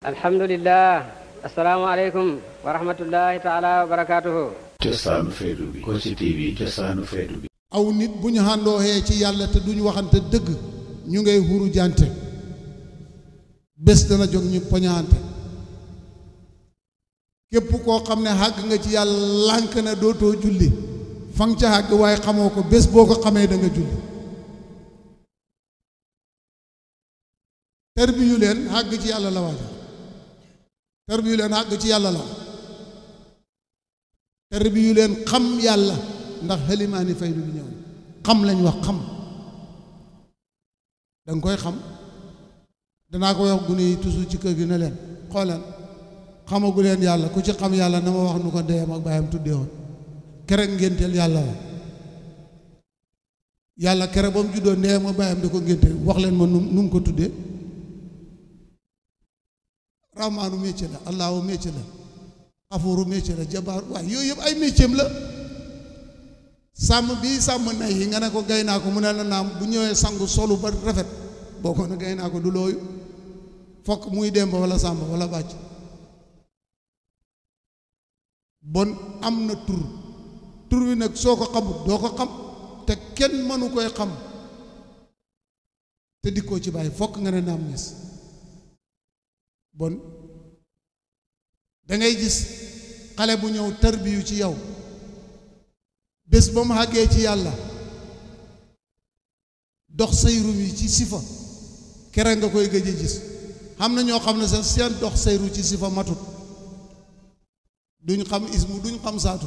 alhamdulilah asalaamaaleykum wa rahmatullahi taala wa barakaatuhu cosaanu feetu bi Kossy TV aw nit bu ñu xàndooxee ci yàlla te duñu waxante dëgg ñu ngay huru jante bés dana jóg ñu poñaante képp koo xam ne xàgg nga ci yàlla lànk na dootoo julli fan ca xàgg waaye xamoo ko bés boo ko xamee da julli ter bi ñu leen xàgg ci yàlla la waajal tarbiyu leen àgg ci yàlla la yu leen xam yàlla ndax xalimaani faydu bi ñëw xam lañ wax xam danga koy xam danaa ko wax gune yi toujours ci kër gi ne leen xooleen xamagu leen yàlla ku ci xam yàlla na ma wax nu ko ndeyam ak baayam tuddee woon kere ngénteel yàlla la yàlla kere ba mu juddoo ndeyam ak baayam di ko ngénteel wax leen ma nu mu ko tudde rahmaanu métier la allahu métier la xafuuru métier la jabaar waaye yooyu yëpp ay métier la sàmm bii sàmm nay yi nga ne ko gay naa ko mu ne la naam bu ñëwee sangu solu ba rafet boo ko ne gay naa ko du looyu fokk muy demb wala sàmm walla bàcc bon am na tur tur wi nag soo ko xamut doo ko xam te kenn mënu koy xam te dikkoo ci bàyyi fokk nga ne naam ñes bon dangay gis xale bu ñëw tarbiyu ci yow bés ba mu àggee ci yàlla dox sayru mi ci sifa kere nga koy gëj a gis xam na ñoo xam ne sa seen dox sayru ci sifa matut duñ xam ismu duñ xam saatu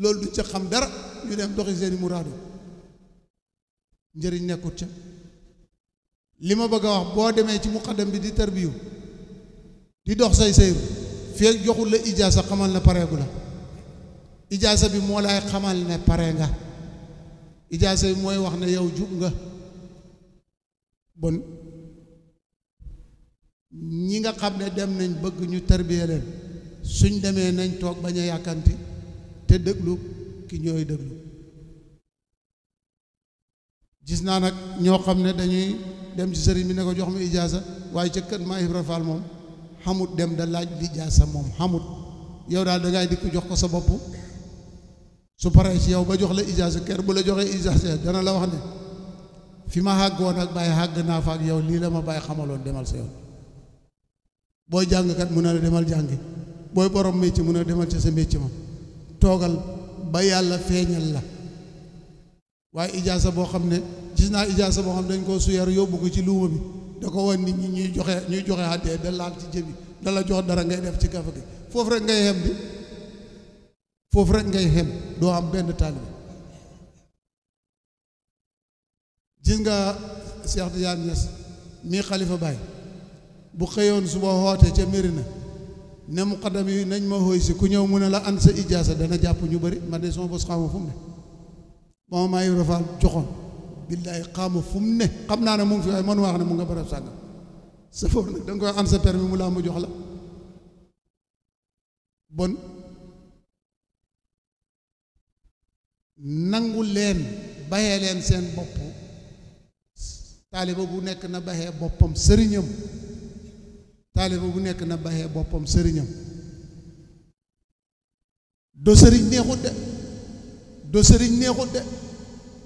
loolu duñ ca xam dara ñu dem doxi seeni muraadu njëriñ nekkut ca li ma bëgg a wax boo demee ci muqaddam bi di tarbiyu di dox say sayru fii joxul la ijaasa xamal na pare la ijaasa bi moo lay xamal pare nga ijaasa mooy wax ne yow jub nga bon ñi nga xam ne dem nañ bëgg ñu tarbiya leen suñ demee nañ toog bañ a yàkkanti te déglu ki ñooy déglu gis naa nag ñoo xam ne dañuy dem ci sëriñ bi ne ko jox ma ijaasa waaye ca kër maa Ibra Faal moom xamut dem da laaj li ijaasa moom xamut yow daal da ngay dikk jox ko sa bopp su paree ci yow ba jox la ijaasa kër bu la joxee ijaasa dana la wax ne fi ma xàggoon ak bàyyi xàgg naa fa ak yow lii la ma bàyyi xamaloon demal sa yoon booy jàngkat mun a demal jàngi booy borom métier mun a demal ca sa métier ma toogal ba yàlla feeñal la waye ijaza bo xamne ne gis naa ijaasa boo xam dañ ko suyar yóbbu ko ci luuma bi da ko won ni ñi ñuy joxe ñi joxe hadde da laal ci jëmi da la jox dara ngay def ci kafa gi foofu rek ngay hem bi foofu rek ngay hem do am benn talib gis nga Cheikh diane Niass mi khalifa bay bu xëyoon suba xoote ca Mérina ne muqaddam yi nañ ma hoy ci ku ñëw mu ne la an sa ijaasa dana jàpp ñu bari ma de son bos xamu fu ne moom maa Ibra Fall joxoon billaay xaamu fu mu ne xam naa ne mu ngi fi waaye mënu wax ne mu nga barab sàngam safoor nag da nga koy am sa permis mu laa mu jox la bon nangu leen baxee leen seen bopp taaliba bu nekk na baxee boppam sëriñam taaliba bu nekk na baxee boppam sëriñam doo sëriñ neexut de do sëriñ neexut de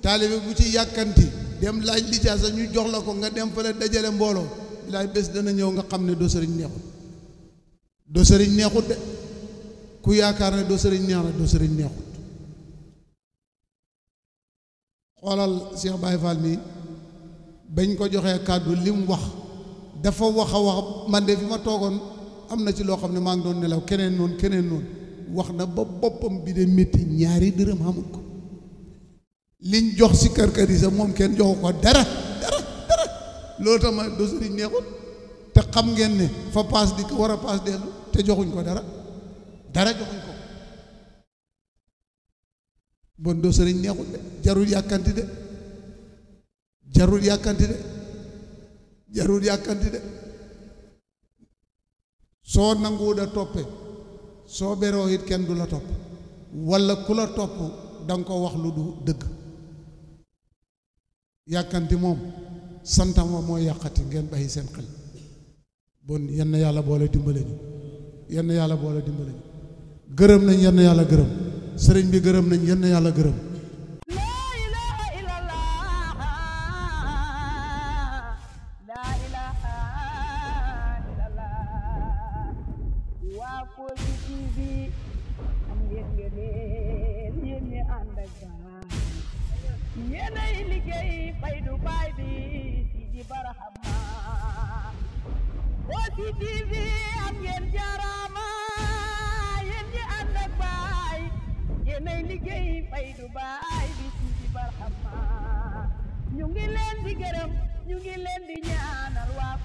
taalibe bu ci yàkkanti dem laaj lijaasa ñu jox la ko nga dem fële dajale mbooloo bilaay bés dana ñëw nga xam ne do sëriñ neexut do sëriñ neexut de ku yaakaar ne do sëriñ neex na do sëriñ neexut xoolal Cheikh Baye Fall mi bañ ko joxee kàddu li mu wax dafa wax a wax man de fi ma toogoon am na ci loo xam ne maa ngi doon nelaw keneen noonu keneen noonu wax na ba boppam bi de métti ñaari dërëm xamul ko liñ jox si karkari sa moom kenn joxu ko dara dara dara loolu tax ma do neexul te xam ngeen ne fa paas di ko war a paas dellu te joxuñ ko dara dara joxuñ ko bon doo sëriñ neexul de jarul yàkkanti de jarul yàkkanti de jarul yàkkanti soo nanguwu da toppe soo beroo it kenn du la topp walla ku la topp da ko wax lu du dëgg yàkkanti moom santam wa mooy yàqati ngeen bay seen xel bon yenn yàlla boole dimbale ñu yenn yàlla boole dimbale ñu gërëm nañ yenn yàlla gërëm sëriñ bi gërëm nañ yenn yàlla gërëm yéenay liggéey Faydu Baay bi Sidi Barhama ñu ngi leen gërëm ñu ngi leen di ñaanal waa